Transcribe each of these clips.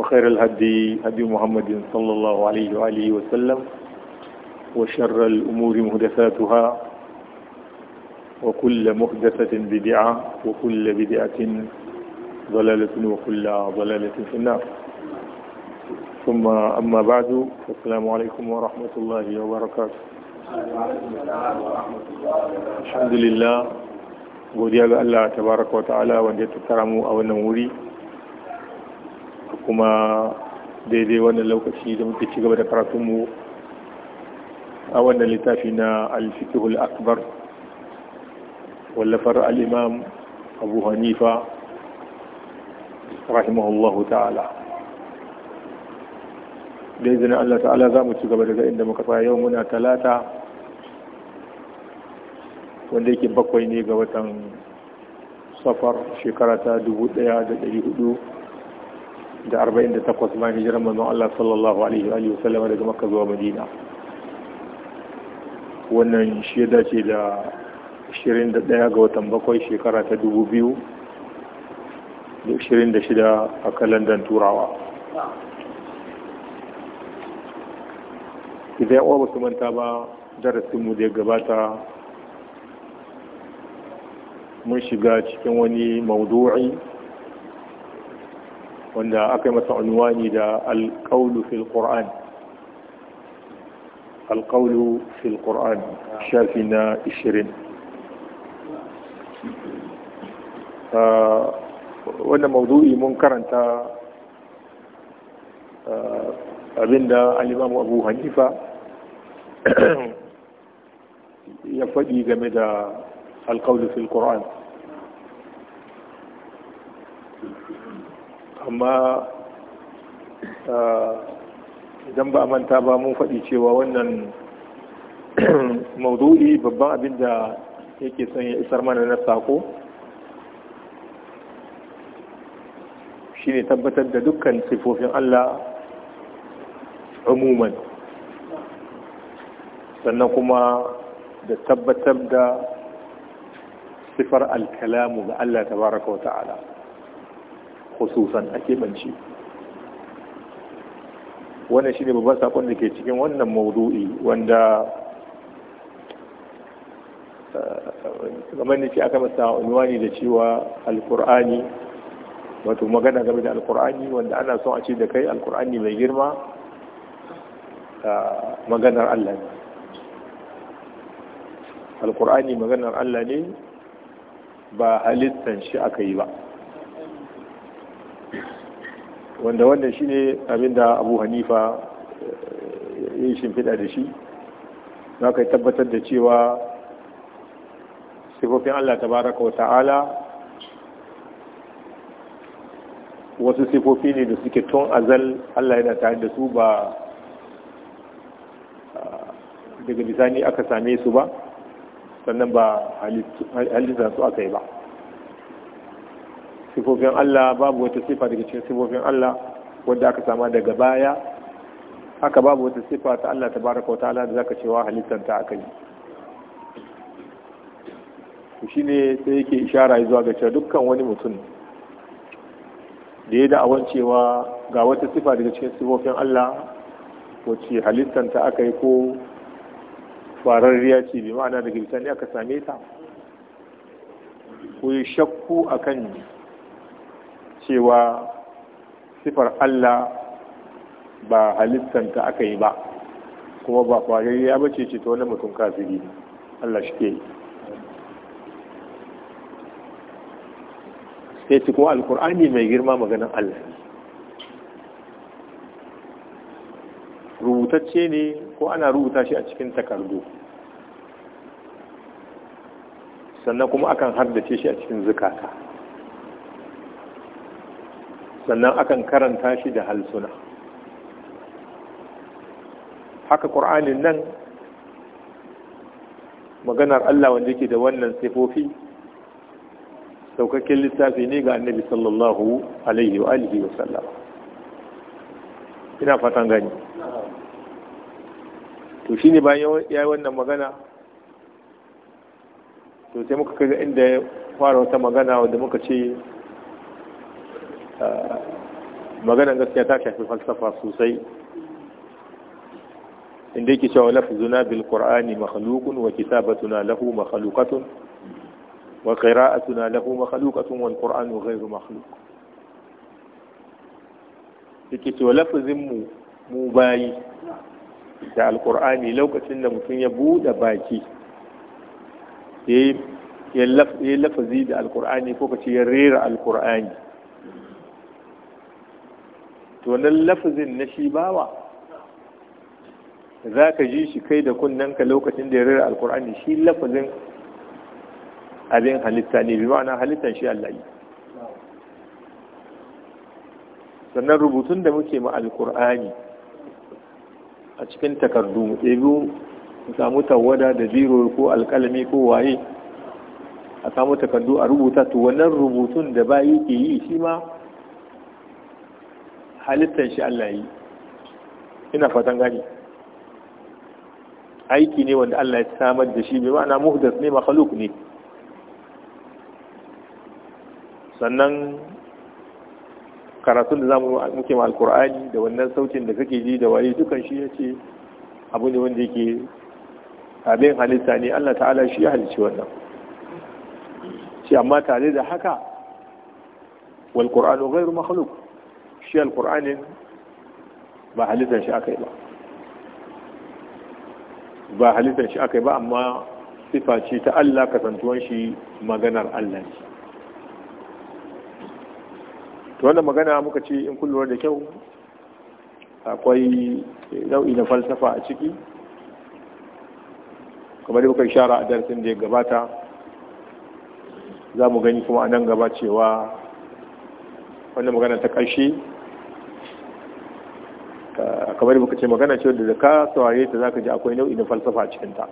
وخير الهدي هدي محمد صلى الله عليه وآله وسلم وشر الأمور مهدثاتها وكل مهدثة بدعة وكل بدعة ضلالة وكل ضلالة في النار ثم أما بعد السلام عليكم ورحمة الله وبركاته الحمد لله godiya الله تبارك وتعالى وديت الكرم أو ya kuma daidai wannan lokaci da muke ci gaba da karatunmu a wannan littafi na alfikihul akbar wallafar al'imam abu hanifa rahimahullahu ta'ala da izinin allah ta'ala za mu ci gaba daga inda muka tsaya yau muna talata wanda yake bakwai ne ga watan safar shekara ta 1400 da arba'in da takwas bayan hijiran manzon Allah sallallahu alaihi wa sallama daga makka zuwa madina wannan shi ya dace da 21 ga watan bakwai shekara ta 2026 a kalandar turawa idan ya ba su manta ba darasinmu da ya gabata mun shiga cikin wani maudu'i wanda aka yi masa unwani da alƙaulu fil ƙur'an alƙaulu fil ƙur'an shafi na 20 ah, wannan mawdu'i mun karanta ah, abinda alimamu abu hanifa ya faɗi game da alƙaulu fil ƙur'an amma idan ba manta ba mun faɗi cewa wannan maudu'i babban abin da yake son ya isar mana na sako shine tabbatar da dukkan sifofin Allah umuman sannan kuma da tabbatar da sifar alkalamu ga Allah tabaraka wa ta'ala khususan a keɓance wannan shine babban sakon da ke cikin wannan maudu'i wanda eh, kamar da ce aka masa unwani da cewa alkur'ani wato magana game da alkur'ani wanda ana son a ce da kai alkur'ani mai girma eh, maganar Allah ne alkur'ani maganar Allah ne ba halittan shi aka yi ba wanda wannan shine da abu hanifa eh, ya yi shimfiɗa da shi za ka tabbatar da cewa sifofin allah tabaraka wa ta'ala wasu sifofi ne da suke tun azal allah yana tare da su ba ah, daga bisani aka same su ba sannan ba halittar su aka yi ba sifofin Allah babu wata sifa daga cikin sifofin Allah wadda aka sama daga baya haka babu wata sifa ta Allah ta baraka wata ala da zaka cewa halittar ta akai shi ne sai yake ishara zuwa ga cewa dukkan wani mutum da ya da'awan cewa ga wata sifa daga cikin sifofin Allah wacce halittar ta aka yi ko fararriya ce bi ma'ana daga bisani aka same ta ko yi shakku a akan cewa sifar Allah ba halittanta aka yi ba kuma ba ya ba ce ta wani mutum kafiri Allah shi ke yi sai ci kuma alkur'ani mai girma maganin Allah rubutacce ne ko ana rubuta shi a cikin takardu sannan kuma akan haddace shi a cikin zukata sannan akan karanta shi da halsuna haka ƙur'anin nan maganar Allah wanda yake da wannan sifofi saukakken littafi ne ga annabi sallallahu alaihi wa alihi wa sallam ina fatan gani to shine bayan ya yi wannan magana to sai muka kaga inda ya fara wata magana wanda muka ce ah, maganan gaskiya ta shafi falsafa sosai inda yake cewa lafzuna bil qur'ani makhluqun wa kitabatuna lahu makhluqatun wa qira'atuna lahu makhluqatun wal qur'anu ghayru makhluq yake cewa lafzin mu mu bayi da alqur'ani lokacin da mutum ya bude baki yayi ya lafazi da alqur'ani ko kace ya rera alqur'ani to nan lafazin na shi bawa za ka ji shi kai da kunnen ka lokacin da ya rira alkur'ani shi lafazin abin halitta ne bi ma'ana halittar shi Allah yi sannan rubutun da muke ma alkur'ani a cikin takardu mu ɗebi ku samu tawada da biro ko alƙalami ko waye a samu takardu a rubuta to wannan rubutun da bayi ke yi shi ma halittar shi Allah yi ina fatan gani aiki ne wanda Allah ya samar da shi bai ma'ana muhdas ne makhluk ne sannan karatun da zamu muke ma alqur'ani da wannan sautin da kake ji da waye dukan shi yace abu ne wanda yake abin halitta ne Allah ta'ala shi ya halicci wannan shi amma tare da haka wal qur'anu ghairu makhluq shi alkur'anin ba halittar shi aka yi ba ba halittar shi aka yi ba amma sifa ce ta Allah kasantuwan shi maganar Allah ne to wannan magana muka ce in kullum da kyau akwai nau'i na falsafa a ciki kamar muka shara a darasin da ya gabata za mu gani kuma a nan gaba cewa wannan magana ta ƙarshe kamar muka ce magana ce da ka saurare ta zaka ji akwai nau'i na falsafa a cikin ta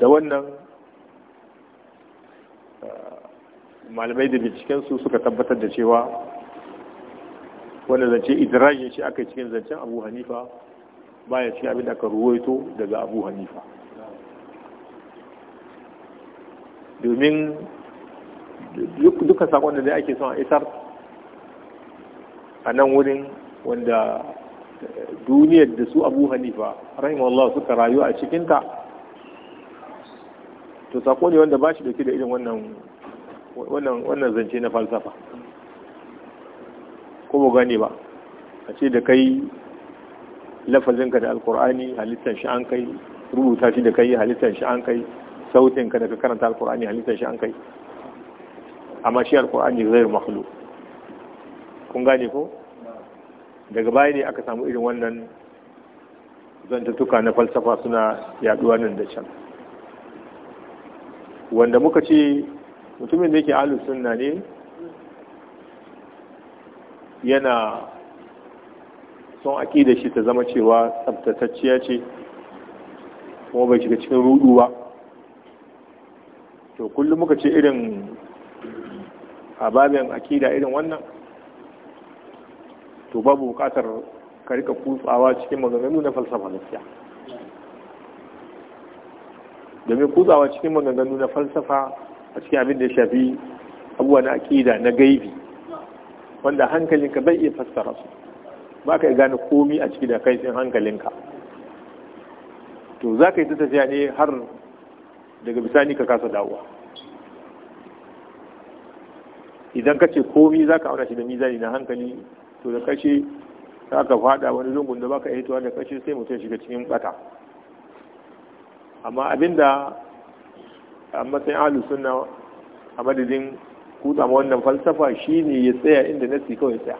da wannan malamai da binciken su suka tabbatar da cewa wanda zance idrajin shi aka cikin zancen abu hanifa baya cikin abin da aka ruwaito daga abu hanifa domin duka sakon da ake son a isar a nan wurin wanda eh, duniyar da su abu hanifa rahimallah suka rayu a cikinta to sako ne wanda ba shi dauke da irin wannan zance na falsafa ko ba gane ba a ce da kai lafazinka da alkur'ani halittar shi an kai rubuta shi da kai halittar shi an kai sautinka da ka karanta alkur'ani halittar shi an kai amma shi alkur'ani zai makhluq kun gane ko daga baya ne aka samu irin wannan zantattuka na falsafa suna yaduwa nan da can wanda muka ce mutumin da yake alu sunna ne yana son aƙida shi ta zama cewa tsabtatacciya ce kuma bai shiga cikin ruduwa. to kullum muka ce irin a babin akida irin wannan to babu bukatar ka rika kutsawa cikin maganganu na falsafa gaskiya domin kutsawa cikin maganganu na falsafa a cikin abin da ya shafi abuwa na aƙida na gaibi wanda hankalinka bai iya fassara su ba ka gane komi a ciki da kai tsin hankalinka to za ka yi ta tafiya ne har daga bisani ka kasa dawowa idan ka ce komi za ka auna shi da mizani na hankali to da kashe za ka fada wani lungun da baka hitowa da kashe sai mutum shiga cikin bata amma abinda a matsayin ahlus suna a madadin kuta ma wannan falsafa shine ya tsaya inda nasi kawai tsaya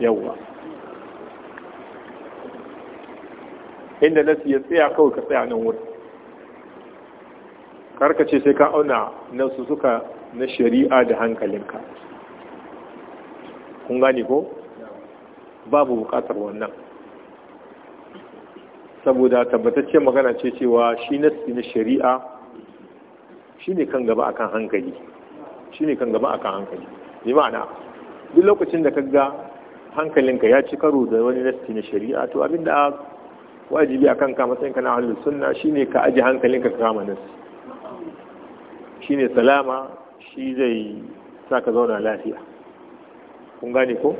yawwa inda nasi ya tsaya kawai ka tsaya nan wurin karkace sai ka auna nasu suka na shari'a da hankalinka kun gane ko babu bukatar wannan saboda tabbatacce magana ce cewa shi nassi na shari'a shi ne kan gaba akan hankali shi ne kan gaba akan hankali bi ma'ana duk lokacin da kaga hankalinka ya ci karo da wani nassi na shari'a to abinda wajibi a ka matsayin ka na ahlus sunna shine ka aji hankalinka ka kama nassi shine salama shi zai sa ka zauna lafiya kun gane ko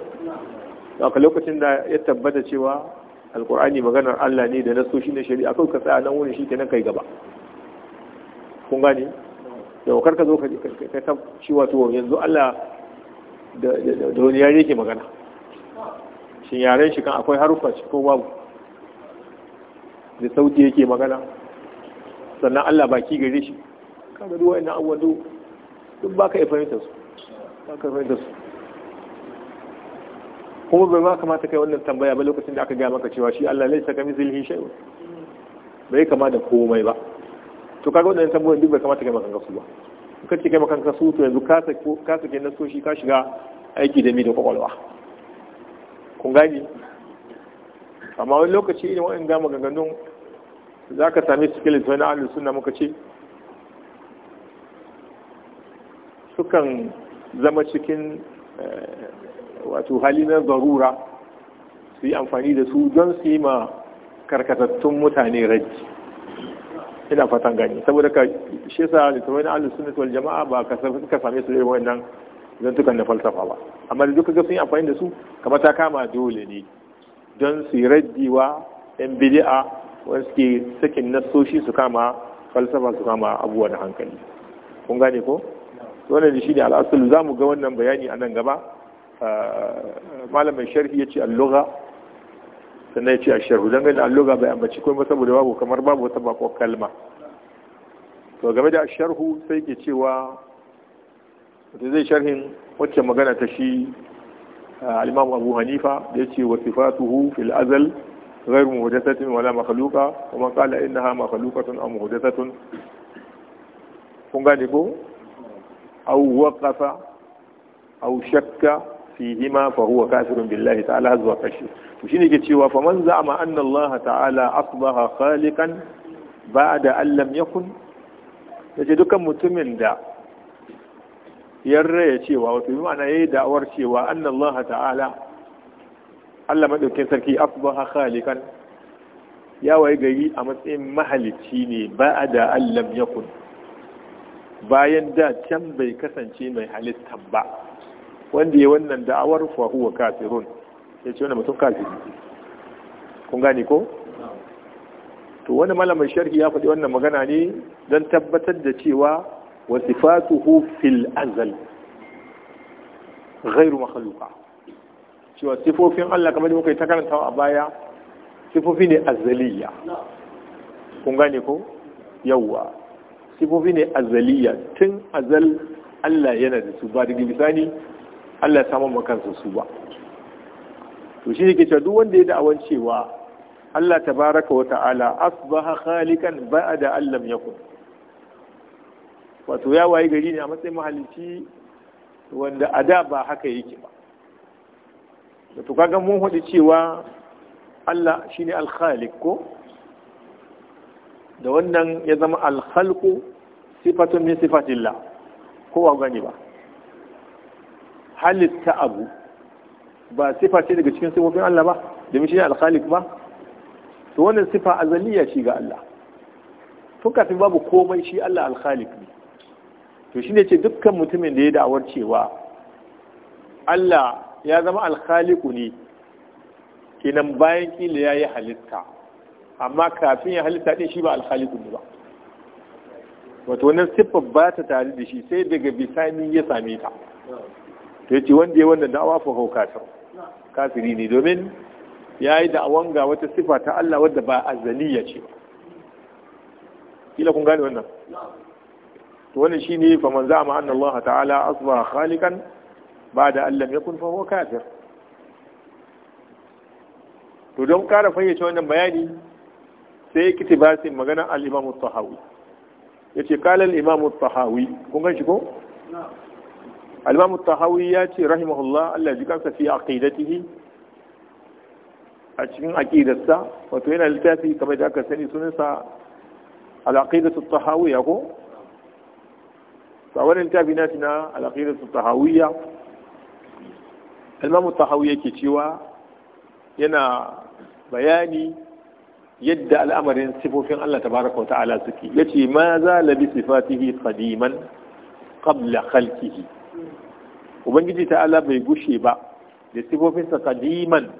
haka lokacin da ya tabbata cewa alkur'ani maganar Allah ne da naso shi ne shari'a kawai ka tsaya nan wurin shi kenan kai gaba kun gane da kar ka zo ka ta shi wato yanzu Allah da wani yare ke magana shi yaren shi kan akwai harufa shi ko babu da sauti yake magana sannan Allah baki gare shi kaga duk ina abuwa duk baka ya fahimta su baka fahimta su kuma bai ba kamata kai wannan tambaya ba lokacin da aka gaya maka cewa shi Allah laisa ka mislihi shay'un bai kama da komai ba to kaga wannan tambayoyin duk bai kamata kai maka kasu ba kace kai makan kasu to yanzu ka sake ka sake nasoshi ka shiga aiki da mi da kwakwalwa kun gani amma wani lokaci irin wa'in ga maganganun za ka sami su kilis wani ahlus sunna muka ce sukan zama cikin eh, wato hali na zarura su yi amfani da su don su yi ma karkatattun mutane raji ina fatan gani saboda ka shi yasa littafai na ahlus da tuwal jama'a ba ka ka same su nan wannan zantukan na falsafa ba amma da duka ga sun yi amfani da su kamar ta kama dole ne don su yi wa yan bidi'a wani suke sakin nasoshi su kama falsafa su kama abubuwa da hankali kun gane ko wannan shi ne al'asulu za mu ga wannan bayani a nan gaba malamin sharhi ya ce alluga sannan ya ce a sharhu don gani alluga bai ambaci kuma saboda babu kamar babu wata bako kalma to game da sharhu sai ke cewa wata zai sharhin wacce magana ta shi alimamu abu hanifa da ya ce wa sifatuhu fil azal غير محدثة ولا مخلوقة ومن قال إنها مخلوقة أو محدثة kun gane ko au waqafa awu shakka fihima fa huwa kafirun billahi ta'ala zuwa kashi to shine ke cewa fa man za'ama anna Allah ta'ala asbaha khaliqan ba'da an lam yakun yace dukkan mutumin da yarra ya cewa wato bi ma'ana yayi da'awar cewa annallaha ta'ala Allah madaukin sarki asbaha khalikan ya waye gari a matsayin mahalicci ne ba'da an ya yakun bayan da can bai kasance mai halittan ba wanda ya wannan da'awar fa huwa kafirun ya ce wannan mutum kafiri kun gane ko to wani malamin sharhi ya faɗi wannan magana ne don tabbatar da cewa wasu sifatuhu fil azal gairu mahaluka. cewa sifofin Allah kamar da muka yi ta karantawa a baya sifofi ne azaliya kun gane ko yawwa sifofi ne azaliya tun azal Allah yana da su ba da bisani Allah ya samu mu kansa su ba to shi yake cewa duk wanda ya da'awan cewa Allah tabaraka wa ta'ala asbaha khalikan ba'da an lam yakun wato ya wayi gari ne a matsayin mahalicci wanda a da ba haka yake ba da to kaga mun hudu cewa Allah shine al-khaliq ko da wannan ya zama al-khalqu sifatun min sifatillah ko a gani ba halitta abu ba sifa ce daga cikin sifofin Allah ba domin shi ne alkhalik ba to wannan sifa azaliya shi ga Allah tun kafin babu komai shi Allah alkhalik ne to shine ce dukkan mutumin da ya da'awar cewa Allah ya zama alkhaliku ne kenan bayan kila ya yi halitta amma kafin ya halitta ɗin shi ba alkhaliku ne ba wato wannan sifa ba ta tare da shi sai daga bisani ya same ta to yace wanda ya wannan da'awa fa hau kafir kafiri ne domin yayi da'awan ga wata sifa ta Allah wadda ba azaliya ce kila kun gane wannan to wannan shine fa man ma anna Allah ta'ala asbaha khaliqan ba'da an lam yakun fa huwa kafir to don kara fayyace wannan bayani sai ya kiti basin maganar al-Imam al-Tahawi yace kala al-Imam tahawi kun gan shi ko al-imam tahawi ya ce rahimahullah Allah ji kansa fi aqidatihi a cikin aqidarsa wato yana littafi kamar da aka sani sunansa al-aqidatu tahawiyya ko tsawon littafi na tuna al-aqidatu tahawiyya al-imam tahawi yake cewa yana bayani yadda al'amarin sifofin Allah tabaraka wa ta'ala suke yace ma za labi sifatihi qadiman qabla khalqihi ubangiji Ala bai gushe ba da sifofinsa kadiman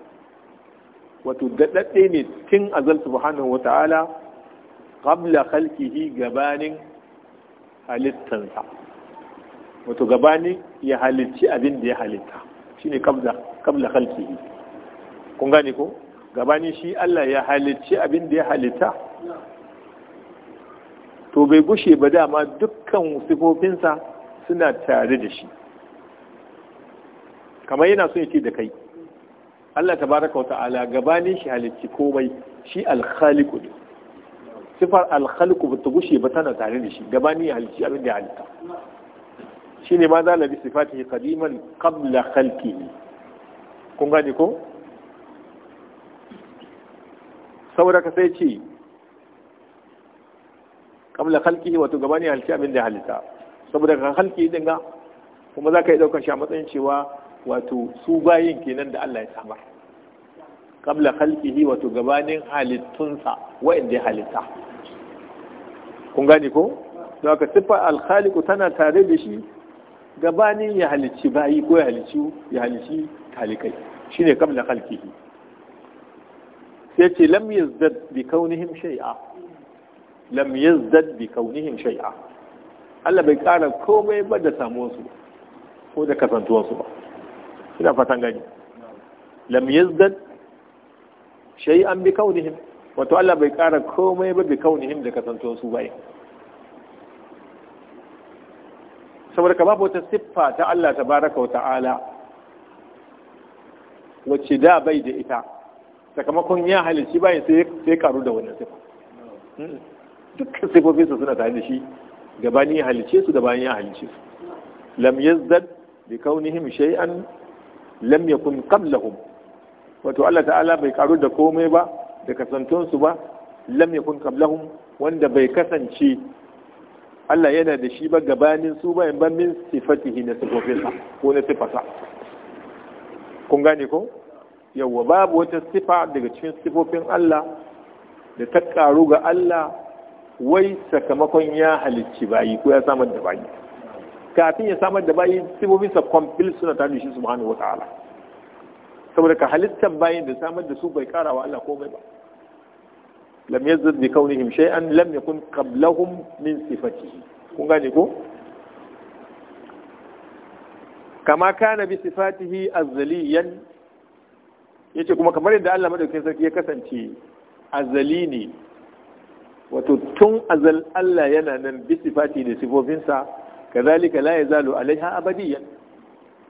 wato daɗaɗɗe ne tun azal subhanahu wa ta'ala qabla khalqihi gabanin halittansa wato gabanin ya halicci abin da ya halitta shine qabla qabla khalqihi kun gane ko gabanin shi Allah ya halicci abin da ya halitta to bai gushe ba dama dukkan sifofinsa suna tare da shi kamar yana son yake da kai Allah Ta baraka wa ta'ala gabanin shi halicci komai shi alkhaliku ne sifar alkhaliku ba ta gushe ba tana tare da shi gabanin ya halicci abin da ya halitta ne ma za zala bi kadiman kabla qabla ne? kun gane ko saboda ka sai ce qabla ne wato gabanin ya halicci abin da ya halitta saboda kan halki din ga kuma za ka yi ɗaukar shi a matsayin cewa wato su bayin kenan da Allah ya samar kabla halkihi wato gabanin halittunsa wa'inda ya halitta kun gane ko don haka siffa alkhaliku tana tare da shi gabanin ya halicci bayi ko ya halicci ya halicci talikai shine kabla halkihi sai ce lam yazdad bi kaunihim shay'a lam yazdad bi kaunihim shay'a Allah bai ƙara komai ba da samuwarsu ko da kasantuwarsu ba ina fatan gani lam yazdad shay'an bi kaunihim wato Allah bai ƙara komai ba bi kaunihim da kasantuwarsu ba saboda ka babu wata siffa ta Allah tabaraka wa ta'ala wacce da bai da ita sakamakon ya halici bayan sai karu da wannan siffa hmm. dukkan siffofinsa suna tare da shi Gabani ya halice su da bayan ya halice su lam yazdad bi kaunihim shay'an lam yakun qablahum wato Allah ta'ala bai karu da komai ba da su ba lam yakun qablahum wanda bai kasance Allah yana da shi ba gabanin su ba ban min sifatihi na sifofinsa ko na sifasa kun gane ko yawwa babu wata sifa daga cikin sifofin Allah da ta karu ga Allah wai sakamakon ya halicci bayi ko ya samar da bayi kafin ya samar da bayi sa kwamfil suna tare shi subhanahu wata ala saboda ka halittar bayin da samar da su bai kara wa Allah komai ba lam yazzid kauni himshe an lam kun kablahun min sifatihi kun gane ko kama kana bi sifatihi azzaliyan yace kuma kamar yadda Allah madaukakin sarki ya kasance azali ne wato tun azal Allah yana nan bisi fati da sifofinsa kazalika la yazalu alaiha abadiyan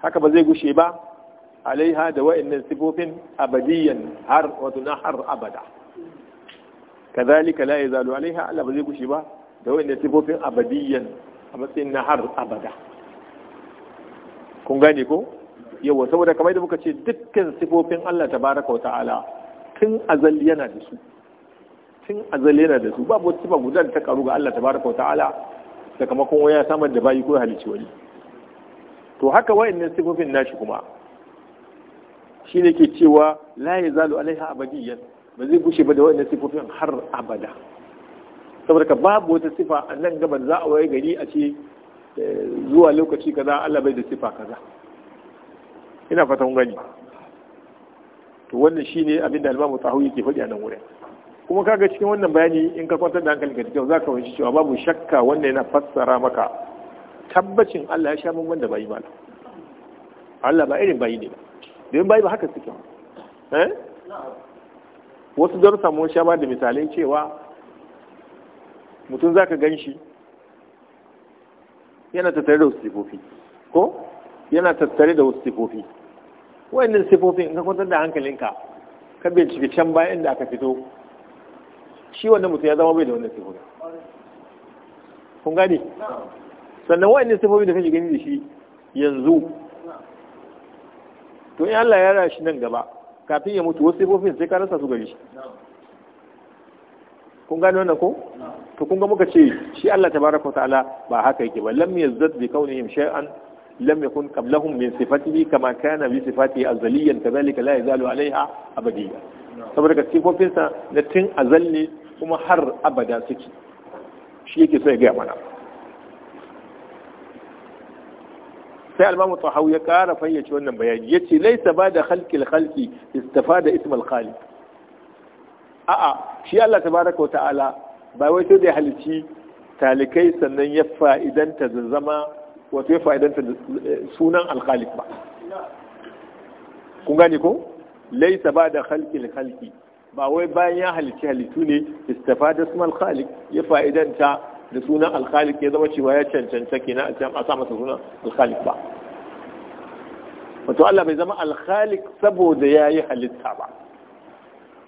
haka ba zai gushe ba alaiha da wa'annan sifofin abadiyan har wato na har abada kazalika la yazalu alaiha Allah ba zai gushe ba da wa'annan sifofin abadiyan a matsayin na har abada kun gane ko yawa saboda kamar da muka ce dukkan sifofin Allah tabaraka wa ta'ala tun azal yana da su tun azali yana da su babu wata sifa guda da ta karu ga Allah tabaraka wa ta'ala sakamakon waya samar da bayi ko halici wani to haka wayannan sifofin nashi kuma shi ke cewa la ya zalu alaiha abadiyan ba zai gushe ba da wayannan sifofin har abada saboda ka babu wata sifa a nan gaban za a waye gari a ce eh, zuwa lokaci kaza Allah bai da sifa kaza ina fatan gani to wannan shine abinda al Tahawi yake faɗi a nan wurin kuma kaga cikin wannan bayani in ka kwantar da hankali ka cikin za ka wanci cewa babu shakka wanda yana fassara maka tabbacin Allah ya sha mun wanda bayi malam Allah ba irin bayi ne ba don bayi ba haka suke eh wasu darussa mun sha ba da misalai cewa mutum zaka gan shi yana tattare da wasu sifofi ko yana tattare da wasu sifofi wayannan sifofin in ka kwantar da hankalinka ka bincike can bayan da aka fito shi wannan mutum ya zama bai da wannan sifofi kun gane sannan wa'annan sifofi da kake gani da shi yanzu to in Allah ya rara shi nan gaba kafin ya mutu wasu sifofin sai ka rasa su gari shi kun gane wannan ko to kun ga muka ce shi Allah tabaraka wa ta'ala ba haka yake ba lam yazdad bi kaunihim shay'an lam yakun qablahum min sifatihi kama kana bi sifatihi azaliyan kadhalika la yazalu alaiha abadiyya saboda ka sifofinsa na tun azalli kuma har abada suke shi yake sai gaya mana sai almamu tsahawu ya kara fayyace wannan bayani ya ce laisa ba da halkil halki istafa da ismal khali a'a shi Allah tabaraka wa ta'ala ba wai sai da halici talikai sannan ya fa'idanta da zama wato ya fa'idanta da eh, sunan alkhalik ba kun gane ko laisa ba da halkil halki ba wai bayan ya halici halittu ne istafa da suna alkhalik ya fa'idanta da sunan alkhalik ya zama cewa ya cancanta na a sa masa sunan alkhalik ba wato Allah bai zama alkhalik saboda ya yi halitta ba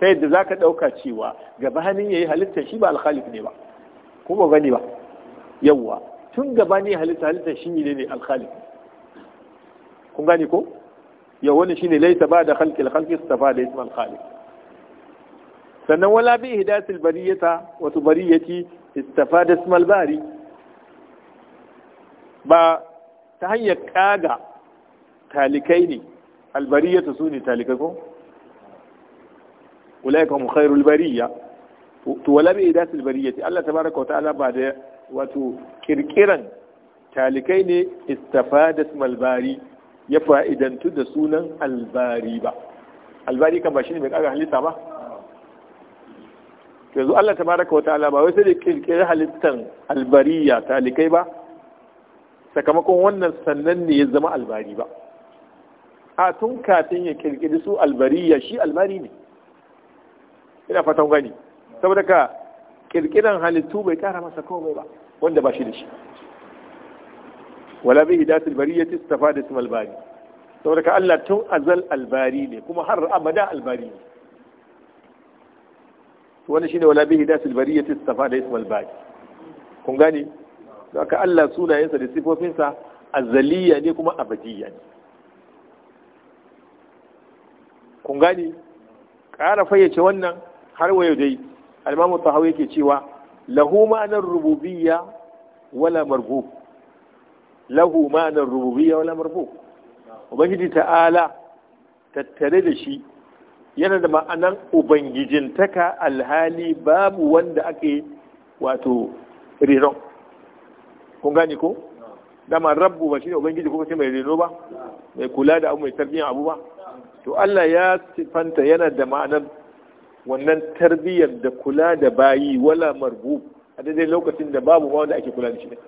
ta yadda za ka ɗauka cewa gabanin ya yi halitta shi ba alkhalik ne ba Kuma gani ba yawwa tun gabanin halitta halitta shi ne ne alkhalik kun gane ko yau wani ne laita ba da alkhalki su tafa da ismal khalik sannan wala bi ihdatil bariyata wato bariyati istafada ismal bari ba ta hanyar kaga talikai ne albariyata su ne talikai ko ulaika hum khairul bariya to wala bi ihdatil bariyati Allah tabaraka wa ta'ala ba da wato kirkiran talikai ne istafada ismal bari ya fa'idantu da sunan albari ba albari kan ba shi ne mai kaga halitta ba yanzu Allah ta baraka wata ala ba wai sai da kirkiri halittar albariya talikai ba sakamakon wannan sannan ne ya zama albari ba a tun katin ya kirkiri su albariya shi albari ne ina fatan gani saboda ka kirkiran halittu bai kara masa komai ba wanda ba shi da shi wala bihi hidatul bariyati istafada ism albari saboda ka Allah tun azal albari ne kuma har abada albari ne wani shine wala bihi dasil bariyati safa da ismal baqi kun gane haka Allah sunayensa da sifofinsa azaliya ne kuma abadiya ne kun gane ƙara fayyace wannan har yau dai almamu tahawi yake cewa lahu ma'anar rububiyya wala marbu lahu ma'anar rububiyya wala marbu ubangiji ta'ala tattare da shi yana da ma'anan ubangijintaka alhali babu wanda ake wato renon kun gani ko dama rabu ba shi ne ubangiji kuma sai mai reno ba mai kula da abu mai tarbiyyar abu ba to Allah ya sifanta yana da ma'anar wannan tarbiyyar da kula da bayi wala marbu a daidai lokacin da babu ma wanda ake kula da shi ne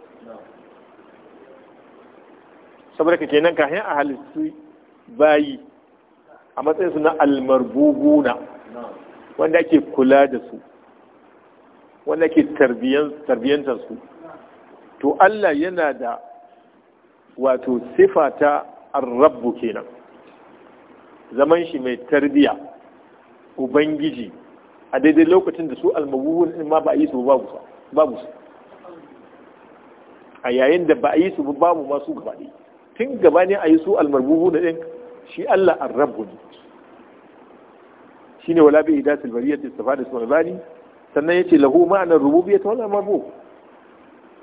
saboda ka kenan kahin a halittu bayi a matsayin su na almarbubuna wanda ake kula da su wanda ake tarbiyyantar su to Allah yana da wato sifata arrabu kenan zaman shi mai tarbiya ubangiji a daidai lokacin da su almabubun in ma ba a yi su babu su a yayin da ba a yi su babu masu gabaɗe tun gabani a yi su almarbubun din shi Allah ar-rabbu ne shine wala idan bi idatil bariyati istafada sunan bani sannan ya ce lahu ma'anar rububiyyah wal marbu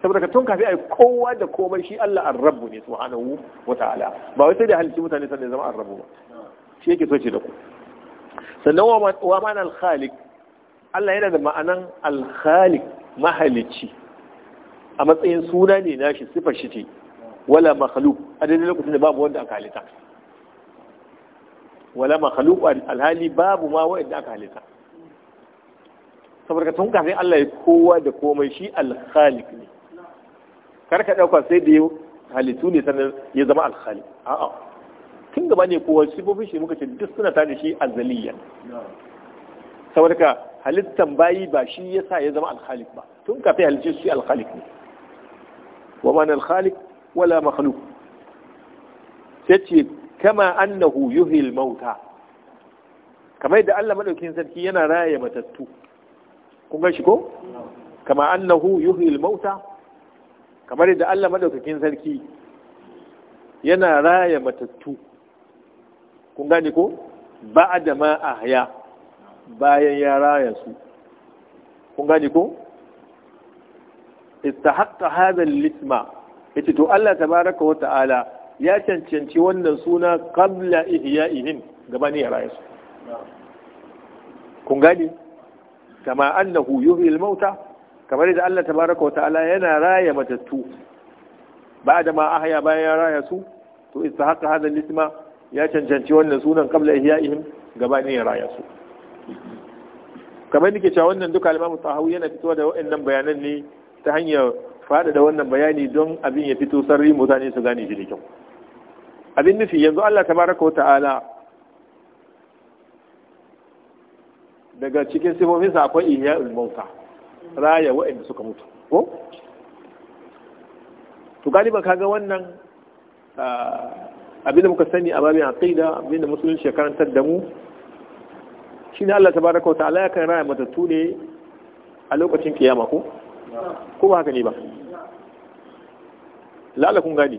saboda ka tun kafi ai kowa da komai shi Allah ar-rabbu ne subhanahu wa ta'ala ba wai sai da halitta mutane sannan zama ar-rabbu ba shi yake so ce da ku sannan wa ma'anar khaliq Allah yana da ma'anar al mahalicci a matsayin suna ne nashi sifar shi ce wala makhluq a daidai lokacin da babu wanda aka halitta wala makhluq alhali babu ma wa'anda aka halitta saboda tun kafin Allah ya kowa da komai shi alkhaliq ne kar ka dauka sai da halittu ne sanan ya zama alkhaliq a'a tun gaba ne kowa sifofin shi muka ce duk suna tare shi azaliya saboda ka halittan bayi ba shi yasa ya zama alkhaliq ba tun kafin halice shi alkhaliq ne wa man alkhaliq wala makhluq sai ce kama annahu yuhil mauta kamar yadda Allah madaukin sarki yana raye matattu kun ga shi ko kama annahu yuhil mauta kamar yadda Allah madaukakin sarki yana raye matattu kun gane ko ba'da ma ahya bayan ya raya su kun gane ko istahaqqa hadha al-isma yace to Allah tabaaraka wa ta'ala ya cancanci wannan suna qabla ihya'ihim gabani ya raya su kun gani kama annahu yuhyil mauta kamar yadda Allah tabaraka wa ta'ala yana raya matattu ba'da ma ahya bayan ya raya su to istahaqa hadha al-isma ya cancanci wannan sunan ihin gaba gabani ya raya su kamar nake cewa wannan duka al-Imam Tahawi yana fitowa da nan bayanan ne ta hanyar da wannan bayani don abin ya fito sarri mutane su gane shi da kyau abin nufi yanzu Allah Ta baraka wa ta'ala daga cikin sifofinsa akwai iya ulmauta raya waɗanda suka mutu ko to galiba kaga wannan abin da muka sani a babin aqida abin da musulunci ya karantar da mu ne Allah baraka wa ta'ala ya kan raya matattu ne a lokacin kiyama ko ko ba haka ne ba la'alla kun gani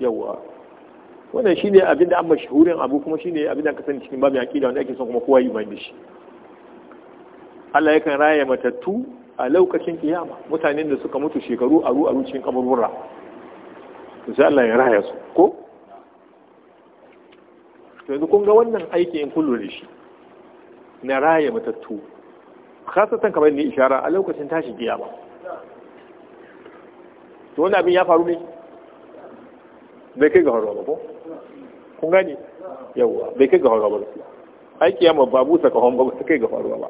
yawwa wannan ne abin da an mashahurin abu kuma ne abin da aka sani cikin babin aqida wanda ake son kuma kowa yi mai shi Allah yakan raya matattu a lokacin kiyama mutanen da suka mutu shekaru aru aru cikin kaburbura to sai Allah ya raya su ko to yanzu kun ga wannan aiki in kullu da shi na raya matattu khasatan kamar ne ishara a lokacin tashi kiyama to wannan abin ya faru ne bai kai ga horo ba ko kun gane yawa bai kai ga horo ba gaskiya ai kiyama ba busa kahon ba ta kai ga faruwa ba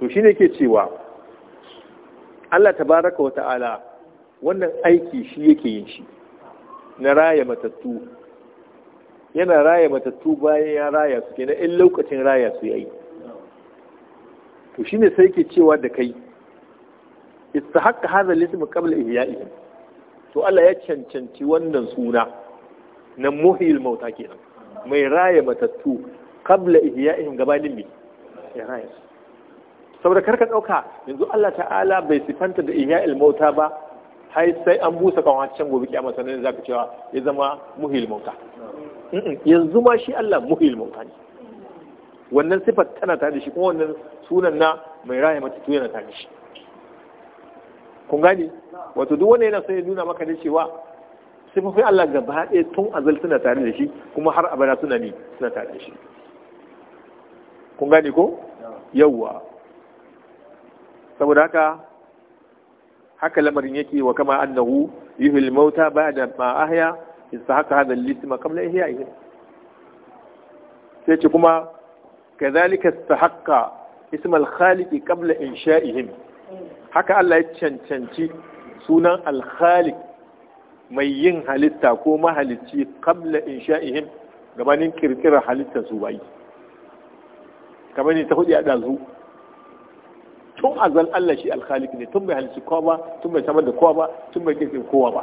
to shine ke cewa Allah tabaraka wa ta'ala wannan aiki shi yake yin shi na raya matattu yana raya matattu bayan ya raya su kenan in lokacin raya su yayi to shine sai ke cewa da kai istahaqqa hadha al-ism qabla ihya'ihi to Allah ya cancanci wannan suna na muhil mauta kenan mai raya matattu kabla ihya'ihim gabanin me ya raya saboda karka dauka yanzu Allah ta'ala bai sifanta da ihya'il mauta ba hai sai an busa kan can gobe kiyama sanan zaka cewa ya zama muhil mauta yanzu ma shi Allah muhil mauta ne wannan sifar tana tare da shi kuma wannan sunan na mai raya matattu yana tare da shi kun gane wato duk wanda yana so ya nuna maka ne cewa sifofin Allah gaba ɗaya tun azal suna tare da shi kuma har abada suna ne suna tare da shi kun gane ko yawwa saboda haka haka lamarin yake wa kama annahu yuhil mauta ba'da ma ahya istahaka hadha al-isma qabla ihya'ihi sai ce kuma kadhalika istahaqqa ism al-khaliq qabla insha'ihim haka Allah ya cancanci sunan alkhalik mai yin halitta ko mahalicci kabla sha'ihim gabanin kirkirar halitta su bai kamar ne ta hudu a ɗazu tun azal Allah shi alkhalik ne tun bai halicci kowa ba tun bai samar da kowa ba tun bai kirkiri kowa ba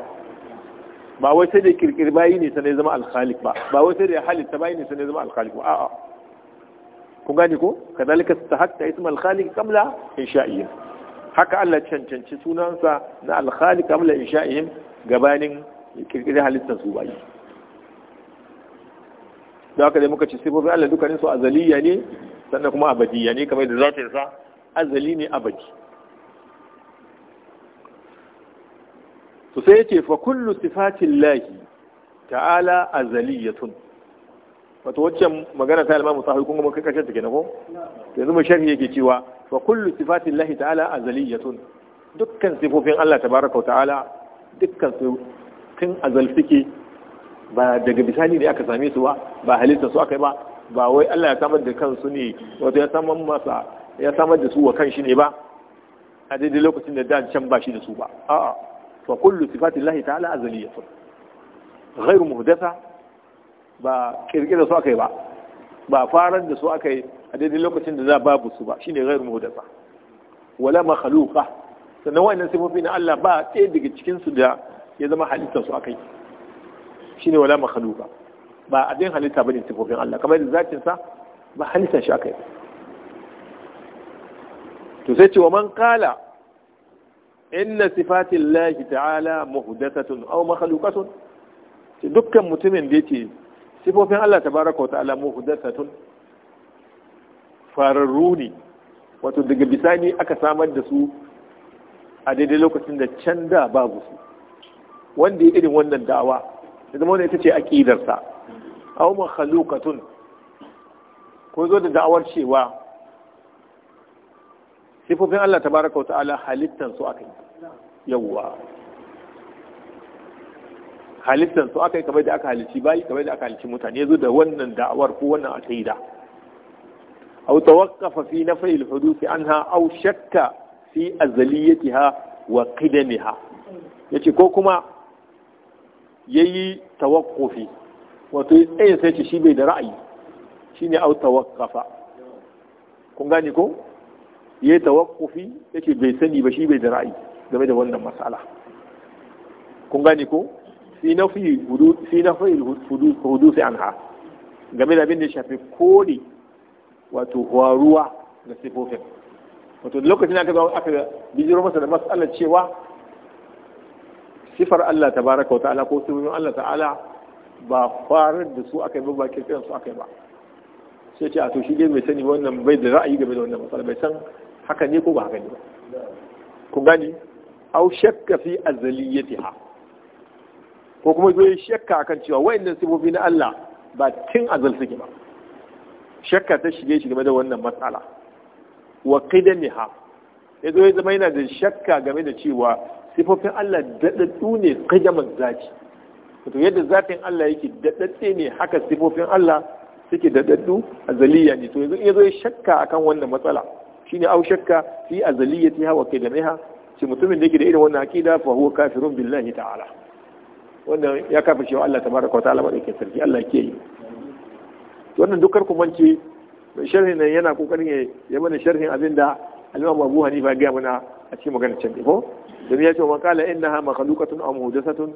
ba wai sai da kirkir bayi ne sanai zama alkhalik ba ba wai sai da halitta bayi ne sanai zama alkhalik ba a'a kun gane ko kadalika ta hakta khaliq alkhalik kabla insha'ihim haka Allah cancanci sunansa na alkhali kamla insha'ihim gabanin kirkirin halittar su bayi da haka dai muka ci sifofin Allah dukkanin su azaliya ne sannan kuma abadiya ne kamar da ta yasa azali ne abadi to sai yace fa kullu sifatin lahi ta'ala azaliyatun wato wacce magana ta al-Imam kuma kun ga mun kai ta ke na ko yanzu mu sharhi yake cewa wa kullu sifatin lahi ta'ala azaliyatun dukkan sifofin Allah wa ta'ala dukkan su tun azal suke ba daga bisani ne aka same su ba ba halitta su aka yi ba ba wai Allah ya samar da kansu ne wato ya samar masa ya samar da su wa kanshi ne ba a daidai lokacin da da can ba shi da su ba a'a fa kullu sifatin lahi ta'ala azaliyatun ghairu muhdatha ba kirkira su aka yi ba ba farar da su aka yi a daidai lokacin da za babu su ba shi ne mu da ba wala makhluqa sannan wannan sifofi na Allah ba ɗaya daga cikin su da ya zama halitta su aka yi ne wala makhluqa ba a abin halitta bane sifofin Allah kamar da zakin sa ba halitta shi aka yi to sai ce wa man qala inna sifatillahi ta'ala muhdathatun aw makhluqatun dukkan mutumin da yake sifofin Allah ta tabaraka wa ta'ala muhdathatun fararru ne wato daga bisani aka samar da su a daidai lokacin da can da babu su wanda ya irin wannan da'awa da zama wanda ita ce aqidarsa aw makhluqatun ko zo da da'awar cewa sifofin Allah ta baraka wa ta'ala halittan su yi yawwa halittar su aka yi kamar da aka halici bayi kamar da aka halici mutane zo da wannan da'awar ko wannan da. aw tawaqqafa fi nafi al-huduth anha aw shakka fi azaliyatiha wa qidamiha yace ko kuma yayi tawaqqufi wato sai sai ce shi bai da ra'ayi shine aw tawaqqafa kun gane ko yayi tawaqqufi yace bai sani ba shi bai da ra'ayi game da wannan mas'ala kun gane ko fi nafi hudud fi nafi hudud anha game da abin da shafi kodi wato ruwa da sifofin wato lokacin da aka zo aka bijiro masa da mas'alar cewa sifar Allah tabaraka wa ta'ala ko sifofin Allah ta'ala ba farar da su aka yi ba ba kirkiran su aka yi ba sai ce a to shi dai mai sani wannan bai da ra'ayi game da wannan matsala bai san haka ne ko ba haka ne ba ku gani au shakka fi azaliyatiha ko kuma bai shakka akan cewa wayannan sifofi na Allah ba tun azal suke ba shakka ta shige shi game da wannan matsala wa qidamiha yazo ya zama yana da shakka game da cewa sifofin Allah dadaddu ne qidamat zaki to yadda zatin Allah yake dadadde ne haka sifofin Allah suke dadaddu azaliya ne to yazo yazo ya shakka akan wannan matsala shine au shakka fi azaliyatiha wa qidamiha shi mutumin da yake da irin wannan aqida fa huwa kafirun billahi ta'ala wannan ya kafa cewa Allah ta tabaraka wataala ba ke sarki Allah ke yi wannan dukkan kumance sharhin nan yana kokarin ya mana sharhin abinda al-Imam Abu Hanifa ya ga mana a cikin maganar can ko Don ya ce wa qala innaha makhluqatun a muhdathatun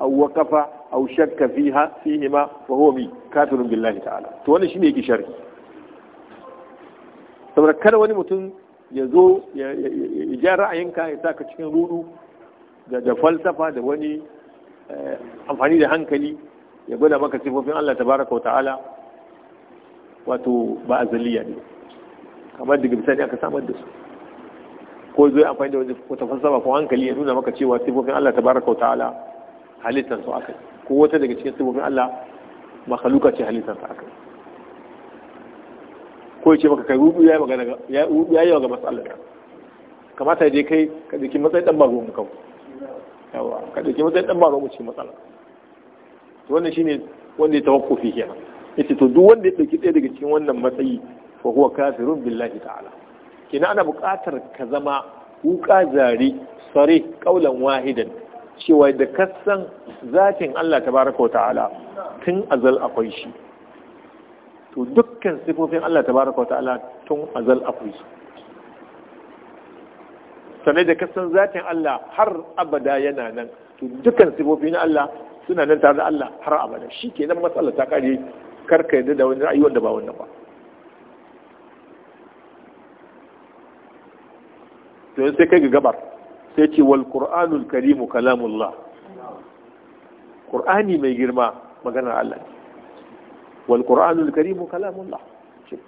aw waqafa aw shakka fiha fihima fa huwa bi kafirun billahi ta'ala to wannan shine yake sharhi saboda kada wani mutum ya zo ya ja ra'ayinka ya sa ka cikin rudu da falsafa da wani Eh, amfani da hankali ya gwada maka sifofin Allah tabaraka wa ta'ala wato ba azaliya ne kamar daga ne aka samar da su ko zai amfani da wani wata fassara ko hankali ya nuna maka cewa sifofin Allah tabaraka wa ta'ala halittar su aka ko wata daga cikin sifofin Allah makhluka ce halittar su aka ko ce maka kai rubu ya yi wa ga matsalar kamata ya je kai ka jikin matsayin dan mu kawai yawa ka dauke matsayin dan baro cikin matsala to wannan shine wanda ya tawaffufi kenan yace to duk wanda ya dauki ɗaya daga cikin wannan matsayi fa huwa kafirun billahi ta'ala Kina ana buƙatar ka zama kuka zare sare kaulan wahidan cewa da kasan zatin Allah tabaraka ta'ala tun azal akwai shi to dukkan sifofin Allah tabaraka ta'ala tun azal akwai shi sanai da kasan zatin Allah har abada yana nan to dukkan sifofi na Allah suna nan tare da Allah har abada shi kenan matsalar ta kare karka yadda da wani ra'ayi wanda ba wannan ba to sai kai ga gabar sai ce wal qur'anul karimu kalamullah qur'ani mai girma maganar Allah wal qur'anul karimu kalamullah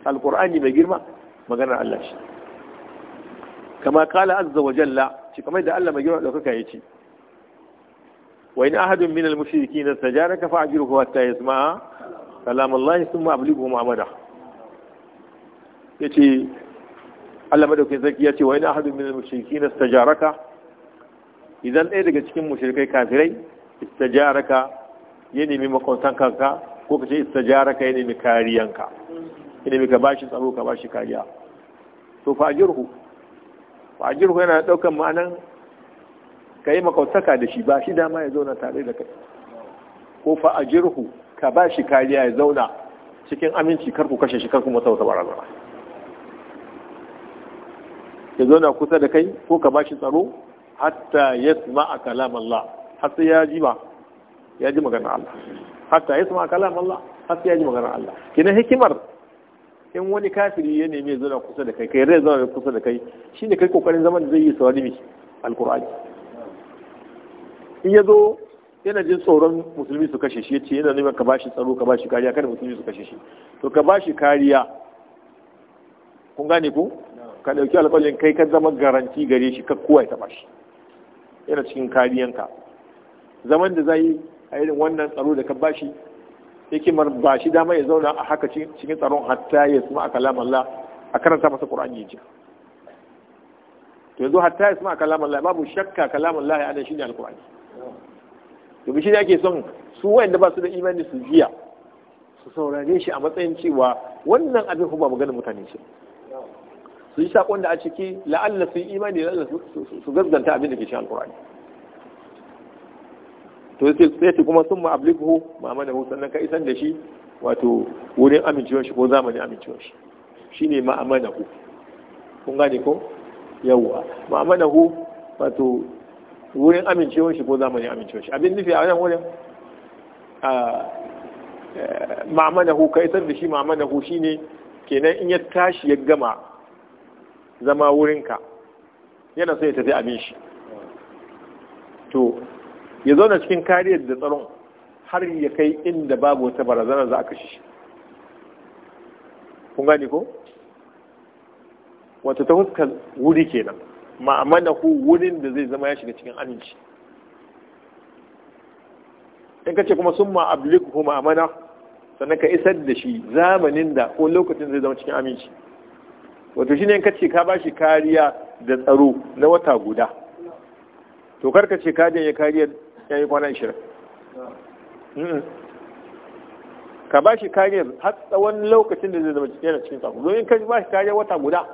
al qur'ani mai girma maganar Allah shi kama kala azza wa jalla ci kamar da Allah mai girma daukaka ya ce wa in ahadun min al mushrikin tajaraka fa ajiruhu hatta yasma'a kalam Allah thumma ablighu mu'amada yace Allah madaukakin sarki yace wa in ahadun min al mushrikin tajaraka idan ɗaya daga cikin mushrikai kafirai istajaraka ya nemi makontan ko ka ce istajaraka ya nemi kariyanka ya nemi ka bashi tsaro ka bashi kariya to fa ajirhu fajirhu yana daukan ma'anan ka yi makautaka da shi ba shi dama ya zauna tare da kai ko fa'ajirhu ka ba shi kariya ya zauna cikin aminci kar ku kashe shi kar ku masa wata barazana ya zauna kusa da kai ko ka ba shi tsaro hatta yasma'a kalam Allah har sai ya ji ba ya ji magana Allah hatta a kalam Allah har sai ya ji magana Allah kina hikimar in wani kafiri ya nemi ya kusa da kai kai rai zauna kusa da kai shine kai kokarin zaman da zai yi saurari mai alkur'ani in ya zo yana jin tsoron musulmi su kashe shi ya ce yana neman ka bashi tsaro ka bashi kariya kada musulmi su kashe shi to ka bashi kariya kun gane ku ka ɗauki alƙawarin kai ka zama garanti gare shi ka kowa ya taɓa shi yana cikin kariyanka zaman da zai a irin wannan tsaro da ka bashi hikimar ba shi dama ya zauna a haka cikin tsaron hatta ya suma a kalamar la a karanta masa Qur'ani yi ji to yanzu hatta ya suma a kalamar la babu shakka kalamar la ya ana shine alqur'ani domin shi ne ake son su wayanda ba su da imani su jiya su saurare shi a matsayin cewa wannan abin kuma maganar mutane ce su yi saƙon da a ciki la'alla su yi imani la'alla su gazganta abin da ke cikin yi to sai ce kuma sun ma'abliku ma'amanahu sannan ka isan da shi wato wurin amincewar shi ko zamanin amincewar shi shi ne ma'amanahu kun gane ko yawwa hu wato wurin amincewar shi ko zamanin amincewar shi abin nufi a wannan wurin eh, hu ka san da shi ma'amanahu shi ne kenan in ya tashi ya gama zama wurinka yana so ya tafi abin shi to ya zauna cikin kariyar da tsaron har ya kai inda babu wata barazanar za a kashe shi kun gane ko wata ta huskar wuri kenan ma'amana ku wurin da zai zama ya shiga cikin aminci in ka ce kuma sun ma'abliku ko ma'amana sannan ka isar da shi zamanin da ko lokacin zai zama cikin aminci wato shi in ka ce ka ba shi kariya da tsaro na wata guda to ka ce ka janye kariyar ya yi kwanan shirin ka ba shi kariyar har tsawon lokacin da zai zama yana cikin sako don ka ba shi kariyar wata guda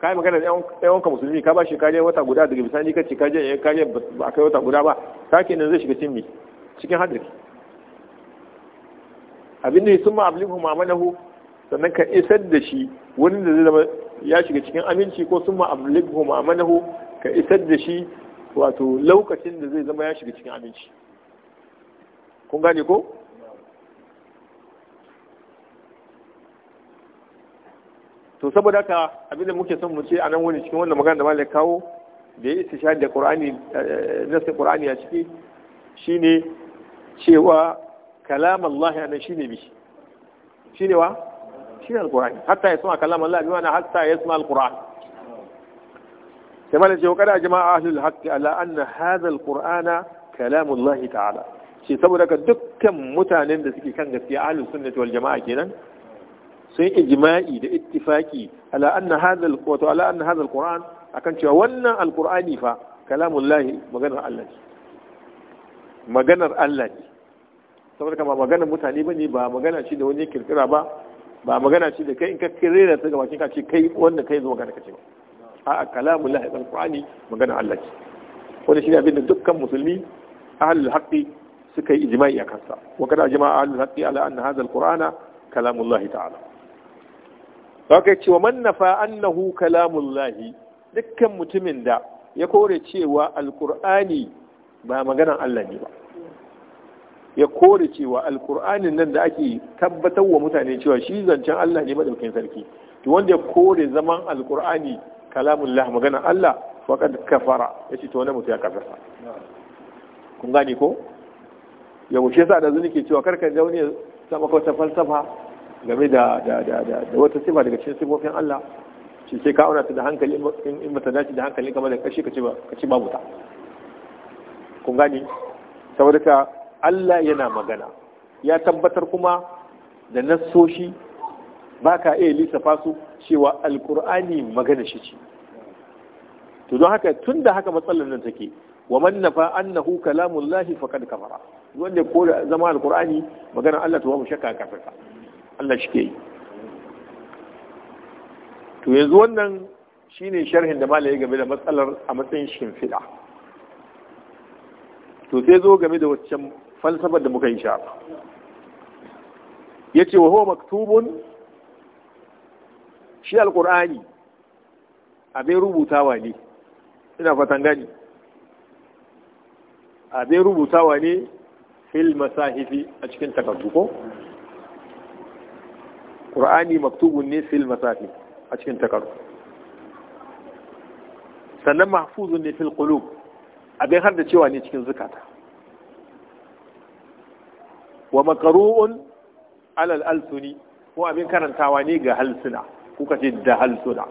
ka yi magana da ka musulmi ka ba shi kariyar wata guda daga bisani ka ce kariyar ya kariyar ba a kai wata guda ba sake nan zai shiga cikin cikin hadari abin da sun ma'ablihu ma'amanahu sannan ka isar da shi wani da zai zama ya shiga cikin aminci ko sun ma'ablihu ma'amanahu ka isar da shi wato lokacin da zai zama ya shiga cikin aminci kun gane ko to saboda ka abinda muke son mu ce a nan wani cikin wannan magana da malai kawo da ya isa istishari da qur'ani eh, nasin ƙorani a ciki shine cewa kalam Allah anan shine bi shine wa shine alqur'ani hatta yasma kalam Allah bi ma'ana hatta yasma alqur'an sai لن يقول kada jama'a ahlul haqqi ala anna hadha alqur'ana kalamullahi ta'ala shi saboda ka dukkan mutanen da suke kan gaskiya ahlus والجماعة كنا سيء kenan sun ijma'i da هذا القوة على أن هذا القرآن أكن شوانا القرآن akan cewa wannan alqur'ani fa kalamullahi maganar Allah ne maganar Allah saboda kama maganar mutane ne ba magana ce da wani kirkira ba ba magana ce da kai in ka kirera ta ga bakin ka ce kai wanda kai zo magana ka ce a kalamun lahi alƙur'ani magana Allah ce wanda shi ne abin da dukkan musulmi ahalul haqqi suka yi ijma'i a kansa wa kada jama'a ahalul haqqi ala anna hadha alqur'ana kalamun lahi ta'ala haka ce wa man nafa annahu kalamun lahi dukkan mutumin da ya kore cewa alƙur'ani ba maganan Allah ne ba ya kore cewa alkur'anin nan da ake tabbatar wa mutane cewa shi zancen Allah ne madaukin sarki to wanda ya kore zaman alkur'ani Kalamun lah magana Allah faqad kafara yace to wani mutu ya kafirta kun gane ko yau shi yasa da zuni ke cewa karka da wani sama ka falsafa game da da da da wata sifa daga cikin sifofin Allah shi sai ka auna ta da hankali in ba ta dace da hankali kamar da kashi ka ce ba ka ce babu ta kun gane saboda ka Allah yana magana ya tabbatar kuma da nassoshi ba ka iya lissafa su cewa alkur'ani magana shi ce to don haka tun da haka matsalar nan take wa man nafa annahu kalamullahi faqad kafara wanda ko da zama alkur'ani magana Allah to ba mu shakka kafirka Allah shi ke to yanzu wannan shine sharhin da malai game da matsalar a matsayin shimfida, to sai zo game da waccan falsafar da muka yi shaa yace wa huwa maktubun shi alkur'ani abin rubutawa ne ina fatan gani abin rubutawa ne fil masahifi a cikin takardu ko ƙur'ani maktubun ne fil masahifi a cikin takardu sannan mahfuzun ne fil qulub abin har da cewa ne cikin zukata wa makaru'un alal alsuni ko abin karantawa ne ga halsuna kuka ce da halsuna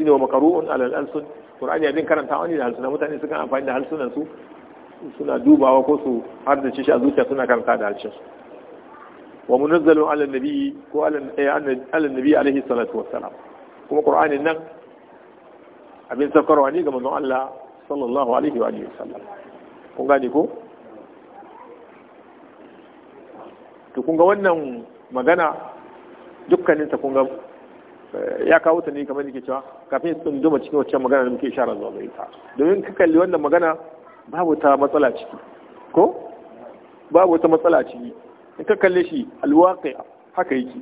ne wa makaru'un alal ƙurani qur'ani abin karanta wani da halsuna mutane suka amfani da halsunan su suna dubawa ko su har da shi a zuciya suna karanta da halshin wa munazzalun ala nabi ko ala eh, nabi alaihi salatu wassalam kuma Al-ƙur'ani nan abin saukarwa ne ga manzon Allah sallallahu alaihi wa alihi wasallam kun gane ko to kun ga wannan magana dukkaninta kun ga ya kawo ta ne kamar yake ke cewa kafin su duma cikin wacce magana da muke sharar zuwa gare ta domin ka kalli wannan magana babu ta matsala ciki ko babu ta matsala ciki in ka kalle shi alwaqi haka yake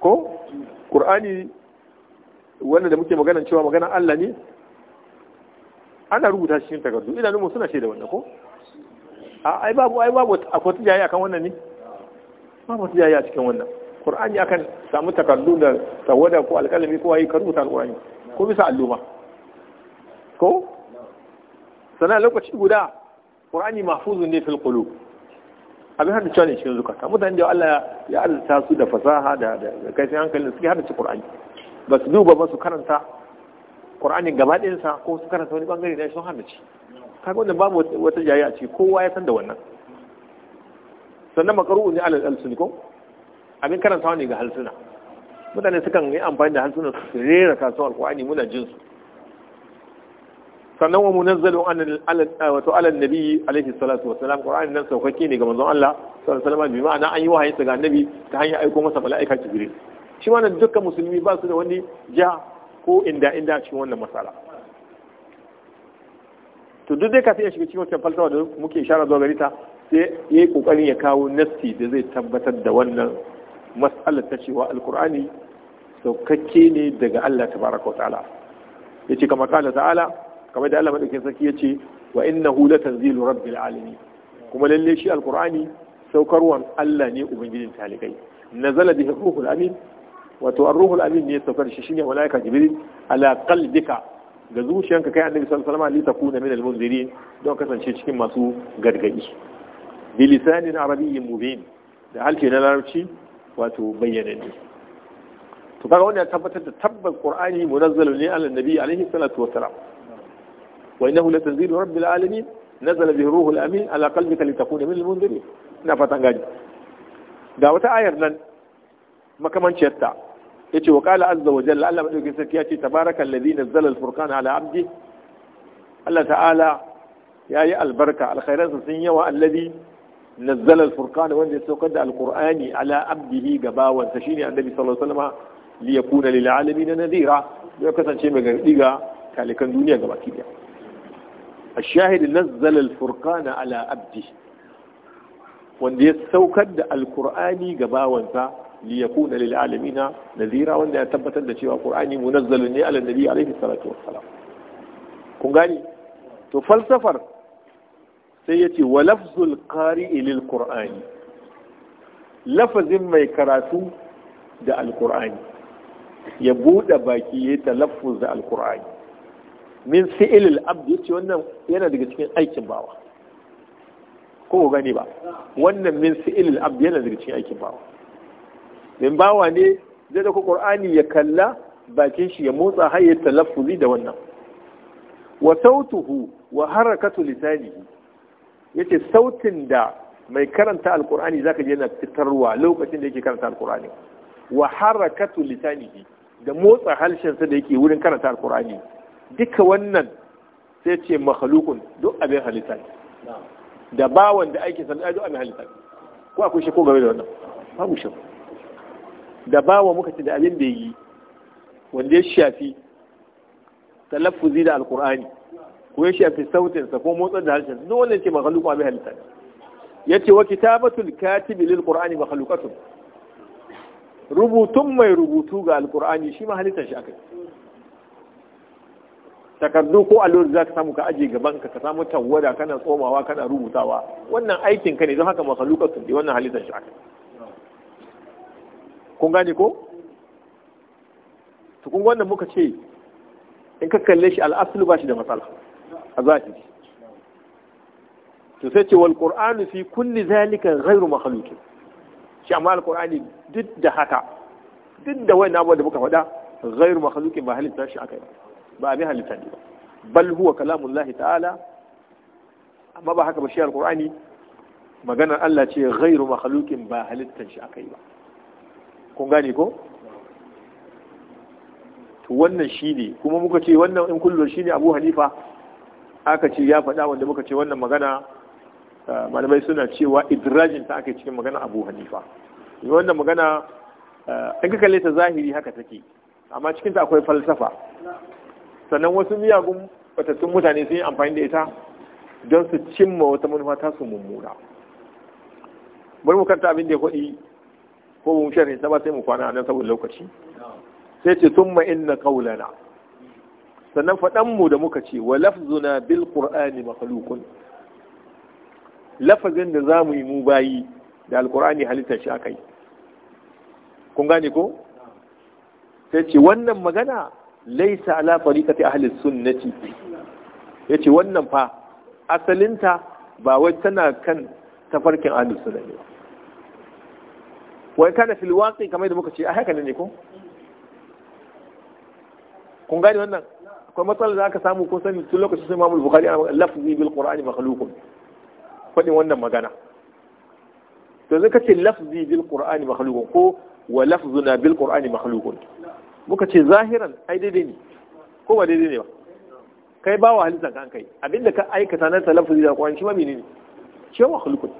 ko qur'ani wannan da muke magana cewa magana Allah ne ana rubuta shi cikin takardu idan nuna suna shaida wannan ko a ai babu ai babu akwai tijayi akan wannan ne babu tijayi a cikin wannan qur'ani akan samu takardu da tawada ko alƙalami ko ayi karuta alƙur'ani ko bisa alluma ko sana lokaci guda qur'ani mahfuzun ne fil qulub abin hada cewa ne cikin zukata mutane da Allah ya alta su da fasaha da kai sai hankalin suke hada ci qur'ani ba su duba ba su karanta qur'ani gaba ɗayansa ko su karanta wani bangare da sun hada ci kaga wannan babu wata jayya ce kowa ya san da wannan sannan makaru ne alal alsun ko abin karantawa ne ga halsuna mutane sukan yi amfani da halsuna su rera kasuwar alkur'ani muna jin su sannan wa munazzalu wato ala nabi alaihi salatu wa salam qur'ani nan saukake ne ga manzon Allah sallallahu alaihi wasallam bi ma'ana an yi wahayi ga annabi ta hanyar aiko masa mala'ika jibril shi wannan dukkan musulmi ba su da wani ja ko inda inda a cikin wannan masala to duk dai kafin ya shiga cikin wancan falsafa da muke ishara zuwa gari ta sai yi kokarin ya kawo nasti da zai tabbatar da wannan matsalar ta cewa alkur'ani saukakke ne daga Allah tabaraka wa ta'ala ce kama kala ta'ala kamar da Allah madaukakin sarki ce wa innahu latanzilu rabbil alamin kuma lalle shi alkur'ani saukarwan Allah ne ubangijin talikai nazala bihi ruhul amin wato ar-ruhul amin ne saukar shi shine malaika jibril ala qalbika ga zuciyanka kai annabi sallallahu alaihi wasallam li takuna min al-munzirin don kasance cikin masu gargadi bilisanin arabiyyin mubin da halke na larabci wato bayyananne to kaga wannan ya tabbatar da tabbas qur'ani munazzalu ne ala nabi alaihi salatu wassalam wa innahu latanzilu rabbil alamin nazala bihi ruhul amin ala qalbika litakuna min almunzirin ina fatan gani ga wata ayar nan makamanciyar ta yace wa qala azza wa jalla Allah madaukakin sarki yace tabarakal ladhi nazzala al-furqana ala abdi Allah ta'ala yayi albarka alkhairansa sun yawa alladhi nazzala Furkana wanda ya saukar da al-qur'ani ala abdihi ga bawansa shine annabi sallallahu alaihi wasallam li yakuna lil alamin kasance mai gargadi ga talikan duniya gaba ki daya الشاهد نزل الفرقان على عبده wanda ya saukar da alkur'ani ga bawansa li yakuna lil alamina nazira wanda ya tabbatar da cewa qur'ani munazzalun ne ala nabi alaihi salatu wassalam kun gani to falsafar sai ya ce wa lafzul qari'i lil qur'ani lafazin mai karatu da alqur'ani ya buɗe baki ya talaffuz da alqur'ani min fi'il al-abd yace wannan yana daga cikin aikin bawa ko gani ba wannan min fi'il al-abd yana daga cikin aikin bawa min bawa ne zai da qur'ani ya kalla bakin shi ya motsa har ya talaffuzi da wannan wa sautuhu wa harakatu lisanihi yace sautin da mai karanta alqur'ani zaka je na fitarwa lokacin da yake karanta alkur'ani wa harakatu lisanihi da motsa harshen sa da yake wurin karanta alkur'ani duka wannan sai ce makhluqun duk abin halitta da bawan da aikin sanda duk abin halitta ko akwai shi ko game da wannan babu shi da bawa muka ce da abin da yi wanda ya shafi talaffuzi da alkur'ani ko ya shafi sautinsa ko motsar da harshen duk wannan ce makhluqu bi halitta yace wa kitabatul katibi lil qur'ani makhluqatun rubutun mai rubutu ga alqur'ani shi ma halittar shi akai takardu ko allon za ka samu ka aje gaban ka ka samu tawwada kana tsomawa kana rubutawa wannan aikin ka ne don haka makhluqatun ne wannan halittar shi akai kun gane ko to kun wannan muka ce in ka kalle shi al'aslu ba shi da matsala a zahiri to sai ce wal qur'anu fi kulli zalika ghairu makhluqin shi amma al qur'ani duk da haka duk da wannan abu da muka faɗa ghairu makhluqin ba halitta shi akai ba abin halitta ne bal huwa kalamullahi ta'ala amma ba haka ba shi al qur'ani maganar Allah ce ghairu makhluqin ba halittar shi akai ba kun gane ko to wannan shine kuma muka ce wannan in kullu shine Abu Hanifa aka ce ya faɗa wanda muka ce wannan magana eh, malamai suna cewa idrajin ta aka cikin magana abu hanifa wannan magana an eh, ka ta zahiri haka take amma cikin ta akwai falsafa sannan wasu miyagun batattun mutane sun yi amfani da ita don su cimma wata manufa ta su mummuna bari mu karta abin da ya kwaɗi ko mu sharhi ta ba sai mu kwana nan saboda lokaci sai ce tumma inna qaulana sannan faɗan mu da muka ce wa lafzuna bil qur'ani makhluqun lafazin da zamu yi mu bayi da alqur'ani halitta shi akai kun gane ko sai ce wannan magana laisa ala tariqati ahli sunnati yace wannan fa asalinta ba wai tana kan tafarkin ahli sunnati ne wai kana fil waqi kamar da muka ce a haka ne ko kun gane wannan akwai matsalar da aka samu ko sani tun lokacin sai mamul bukari ana lafzi bil qur'ani makhluqun fadin wannan magana to zai kace lafzi bil qur'ani makhluqun ko wa lafzuna bil qur'ani makhluqun muka ce zahiran ai daidai ne ko ba daidai ne ba kai ba wa halittar kan kai abinda ka aikata na talaffuzi da qur'ani shi ma menene shi ma makhluqun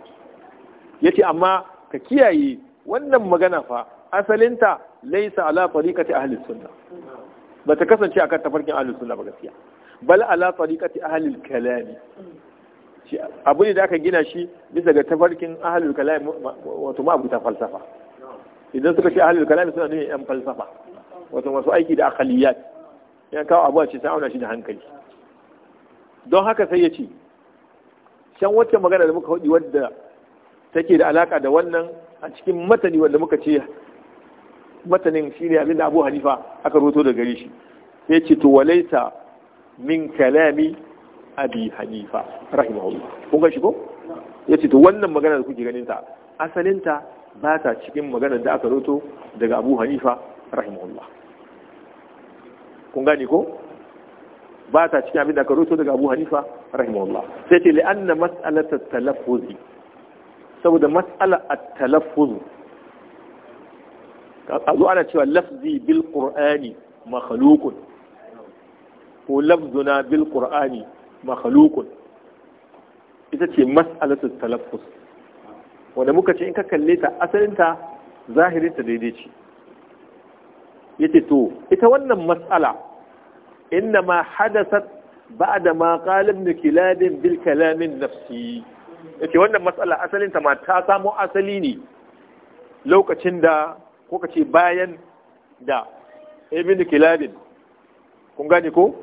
yace amma ka kiyaye wannan magana fa asalinta laysa ala tariqati ahli sunnah ba ta kasance akan tafarkin ahlus sunna ba gaskiya bal ala tariqati ahlil kalami abu ne da aka gina shi bisa ga tafarkin ahlul kalam wato ma abuta falsafa idan suka ce ahlul kalam suna nufin yan falsafa wato masu aiki da akhliyat yan kawo abu a ce sai auna shi da hankali don haka sai ya ce can wacce magana da muka faɗi wadda take da alaka da wannan a cikin matani wanda muka ce matanin shine abin da Abu Hanifa aka roto da gare shi Ya ce to walaita min kalami Abi Hanifa rahimahullah kun gashi ko ko ce to wannan magana da kuke ganin ta asalin ta ba ta cikin maganar da aka roto daga Abu Hanifa rahimahullah kun gane ko ba ta cikin abin da aka roto daga Abu Hanifa rahimahullah sai ce li'anna mas'alat at-talaffuz saboda mas'alar at-talaffuz a zo ana cewa lafzi bil qur'ani makhluqun ko lafzuna bil qur'ani makhluqun ita ce mas'alatu talaffus wanda muka ce in ka kalle ta asalinta zahirinta daidai ce yace to ita wannan mas'ala inna ma hadasat ba'da ma qala ibn kilab bil kalam nafsi yace wannan mas'ala asalinta ma ta samo asali ne lokacin da ko ka ce bayan da ibn kilabin kun gane ko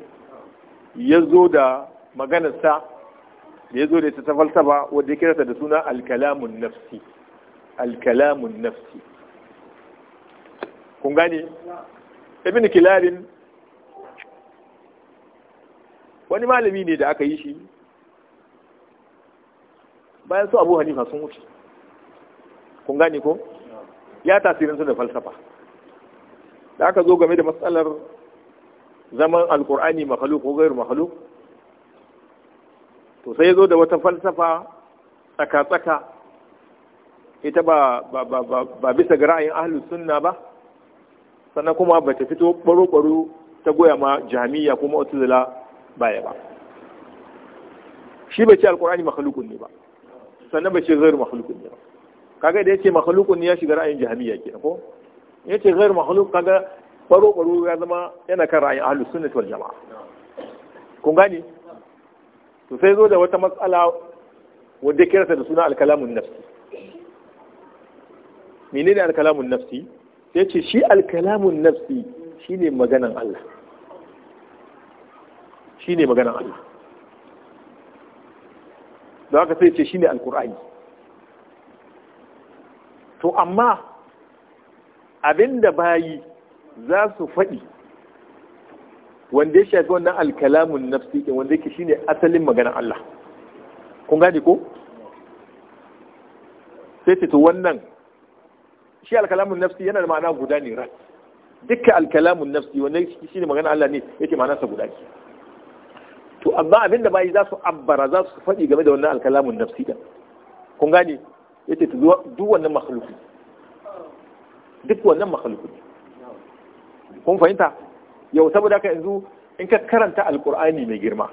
ya zo da maganarsa da ya zo da ya ta falsafa wadda ya kirata da suna alkalamun nafsi alkalamun nafsi kun gane ibn kilabin wani malami ne da aka yi shi bayan su abu hanifa sun wuce kun gane ko ya tasirinsu da falsafa da aka zo game da matsalar zaman alkur'ani makhluk ko gairu makhluk to sai zo da wata falsafa tsaka-tsaka ita ba ba bisa ga ra'ayin ahlus sunna ba sannan kuma ba ta fito baro-baro ta goya ma jami'a kuma otuzula baya ba shi ba ce alkur'ani makhlukun ne ba sannan ba ce gairu makhlukun ne ba kaga da yace makhluqun ya shiga ra'ayin jahmiya ke ko yace ghair makhluq kaga baro baro ya zama yana kan ra'ayin ahlus sunnah wal jamaa kun gane to sai zo da wata matsala wadda kira da suna al-kalamun nafsi menene al-kalamun nafsi yace ce shi kalamun nafsi shine maganan Allah shine maganan Allah da haka sai yace shine al-qur'ani to amma abinda bayi za su faɗi wanda ya shafi wannan alkalamun nafsi ɗin wanda yake shine asalin maganar Allah kun gane ko sai ce to wannan shi alkalamun nafsi yana da ma'ana guda ne rat dukkan alkalamun nafsi wanda shine maganar Allah ne yake ma'anarsa guda ne, to amma abinda bayi za su abbara za su faɗi game da wannan alkalamun nafsi ɗin kun gane yace ta duk wannan makhluku duk wannan makhluku kun fahimta yau saboda ka yanzu in ka karanta alkur'ani mai girma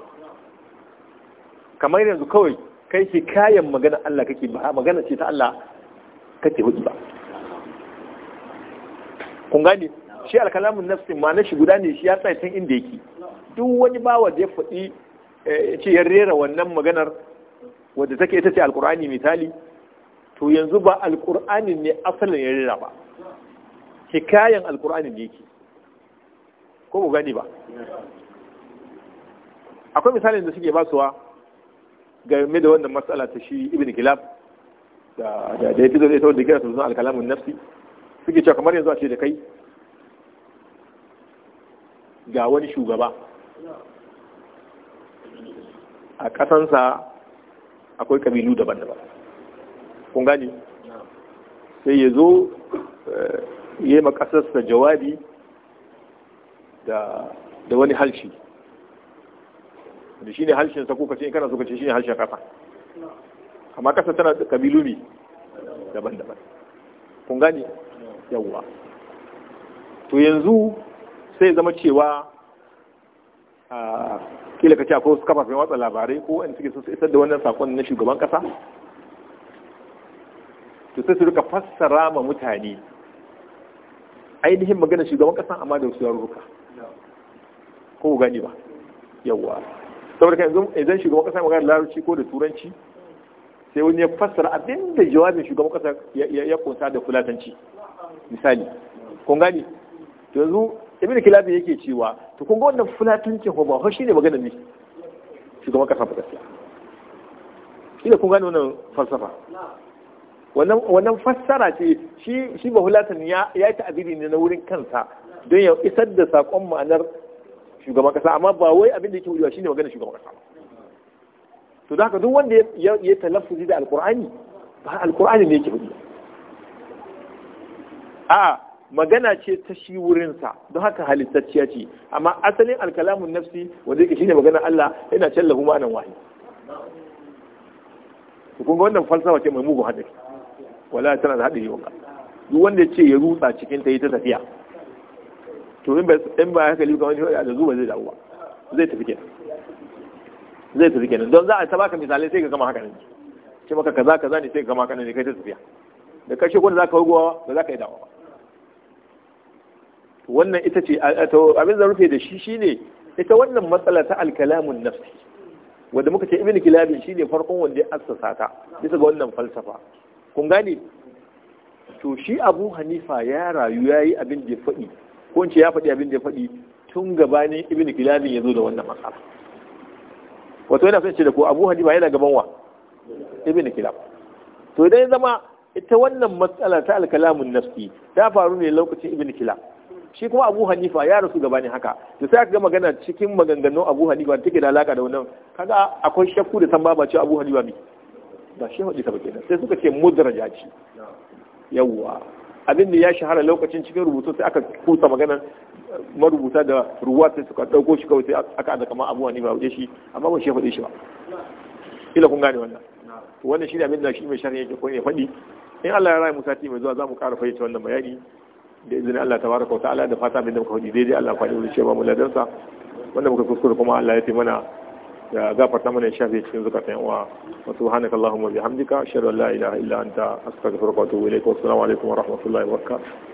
kamar yanzu kawai kai ce kayan magana Allah kake ba magana ce ta Allah kake hudu ba kun gane shi alkalamun nafsin ma na shi guda ne shi ya tsaye tun inda yake duk wani bawa da ya faɗi eh, ce ya rera wannan maganar wadda take ita ce alkur'ani misali to yanzu ba alkur'ani ne asalin ya rira ba hikayen alkur'ani ne yake ko mu gani ba akwai misalin da suke basuwa game da wannan matsala ta shi ibn kilab da da ya fito da ita wanda kira su alkalamun nafsi suke cewa kamar yanzu a ce da kai ga wani shugaba a ƙasansa akwai kabilu daban-daban kun gani sai ya zo eh, ya yi makasarsa jawabi da wani halshi da shi ne sa, ko kace kana so kace shi ne halshin kafa amma kasa tana da kabilu ne daban-daban kun gani yawwa to yanzu sai zama cewa a ah, kila kace akwai wasu kafafen watsa labarai ko wani suke sun isar da wannan sakon na shugaban kasa to sai su rika fassara ma mutane ainihin magana shugaban kasan amma da wasu ruka ko gani ba yawa saboda kan idan shugaban kasa magana larabci ko da turanci sai wani ya fassara abinda jawabin shugaban kasa ya kunsa da fulatanci misali kun gani yanzu ibn kilabi yake cewa to kun ga wannan fulatancin ko ba shi ne magana ne shugaban kasa ba gaskiya ila kun gani wannan falsafa wannan fassara ce shi shi bahulatan ya yi ta'abiri ne na wurin kansa don ya isar da saƙon ma'anar shugaban kasa amma ba wai abin da yake wuya shine magana shugaban kasa to da haka duk wanda ya talaffuzi da alqur'ani ba alqur'ani ne yake wuya a magana ce ta shi wurinsa don haka halittacciya ce amma asalin alkalamun nafsi wanda yake shine magana Allah yana can lahu ma'anan wahi kun ga wannan falsafa ce mai mugun hadari wala tana da haɗari wanka. duk wanda ya ce ya rutsa cikin ta yi ta tafiya to in ba in ba haka liba wani da zuwa zai dawo zai tafi kenan zai tafi kenan don za a ta baka misalai sai ka gama haka ne ce maka kaza kaza ne sai ka gama haka ne kai ta tafiya da kashe ko da zaka hugowa ba za ka yi dawo ba wannan ita ce abin da rufe da shi shine ita wannan matsala ta alkalamun nafsi wanda muka ce ibn kilabin shine farkon wanda ya assasa ta bisa ga wannan falsafa kun gane to shi abu hanifa ya rayu ya yi abin da ya faɗi ko ce ya faɗi abin da ya faɗi tun gabanin ibn kilabin ya zo da wannan matsala wato yana son ce da ko abu hanifa yana gaban wa ibn kilab to idan ya zama ita wannan matsala ta alkalamun nafsi ta faru ne lokacin ibn kilab shi kuma abu hanifa ya rasu gabanin haka to sai aka ga magana cikin maganganun abu hanifa take da alaka da wannan kaga akwai shakku da san ba cewa abu hanifa mai ba shi haɗe ta ba kenan sai suka ce mudraja ce yawwa abin da ya shahara lokacin cikin rubutu sai aka kusa magana eh, marubuta da ruwa sai suka ɗauko shi kawai sai aka ada kama abuwa ne ba waje shi amma ba shi faɗe shi ba kila kun gane wannan wannan shi ne abin da shi mai sharhi yake ko ya faɗi in Allah ya raya musati mai zuwa za mu ƙara fahimta wannan bayani da izinin Allah tabaraka wa ta'ala da fata abin da muka faɗi daidai Allah faɗi wurin ba mu ladansa wanda muka kuskure kuma Allah ya fi mana da gafarta mana ya shafe cikin zukatan uwa wa subhanaka allahumma bihamdika ashhadu an la ilaha illa anta astaghfiruka wa atubu ilaik wa assalamu alaikum wa rahmatullahi wa barakatuh